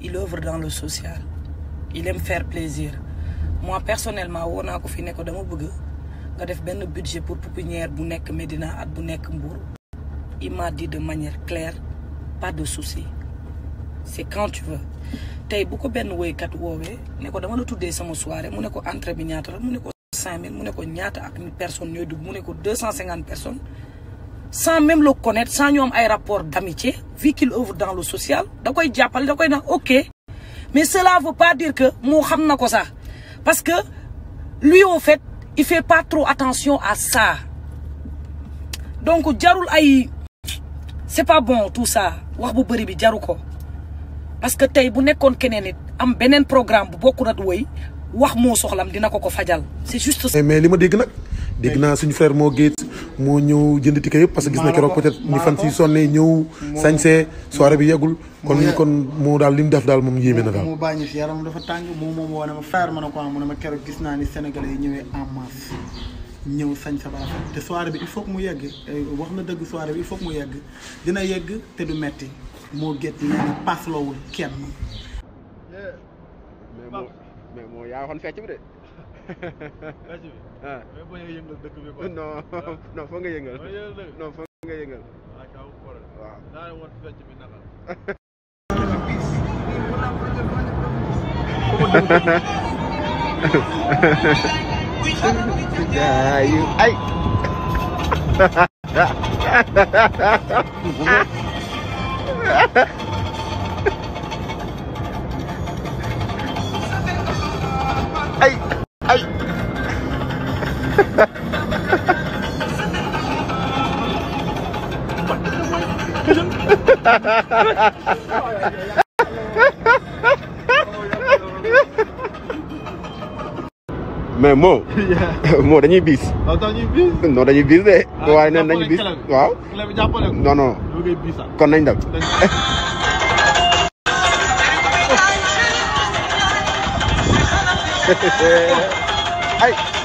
il œuvre dans le social il aime fair plaisir moi personnellement woo naa ko fi ne ko dama bëgg nga def benn budget pour pouponnière bu nekk Médina ak bu nekk Mbour il m'a dit de manière claire pas de souci c'est quand tu veux tey bu ko benn woykat woowee ne dama la tuddee sama soirée mu ne ko entrée bi ñaata la mu ne ko cinq mille mu ne ko ñaata ak personnes ñooy dugg mu ne ko deux cent cinquante personnes sans même le connaître sans ñu ay rapport d'amitié vu qu'il oeuvre dans le social da koy jàppale da koy na ok mais cela veut pas dire que moo xam na ko sax parce que lui au fait il fait pas trop attention à ça donc jarul ay c'est pas bon tout ça wax bu bëri bi jaru ko parce que tey bu nekkoon keneen it am beneen programme bu bokkul ak woy wax moo soxlam dina ko ko fajal c'est juste ça. mais li ma dégg nag dégg naa suñu frère moo géet moo ñëw jënd ticket yëpp parce que gis na keroog peut-être ni fan si sonne ñëw sañsee soirée bi yeggul kon kon moo daal li mu def daal moom yéeme na daal moo bàññi si yaram dafa tàng moom moom woo ne ma ko ah, mu ne ma keroog naa ni sénégalais yi ñëwee en masse ñëw sañ sa te soirée bi il faut mu yegg eh, wax na dëgg soirée bi il mu yegg dina yegg te du metti moo gét kenn eh, gàcce bi. ah mais boo ñëwee yëngal dëkk bi quoi. non ah. non foog nga yëngal. boo yëngal dëkk non foog nga yëngal. waaw ah, caa amul problème. waaw naa leen wan fecc bi naka la. ay. ah. mais moo. dañuy biis. Oh, dañuy biis. dañuy biis de. Ah, waaye neen nañu biis waaw. non kon nañ dem. ay.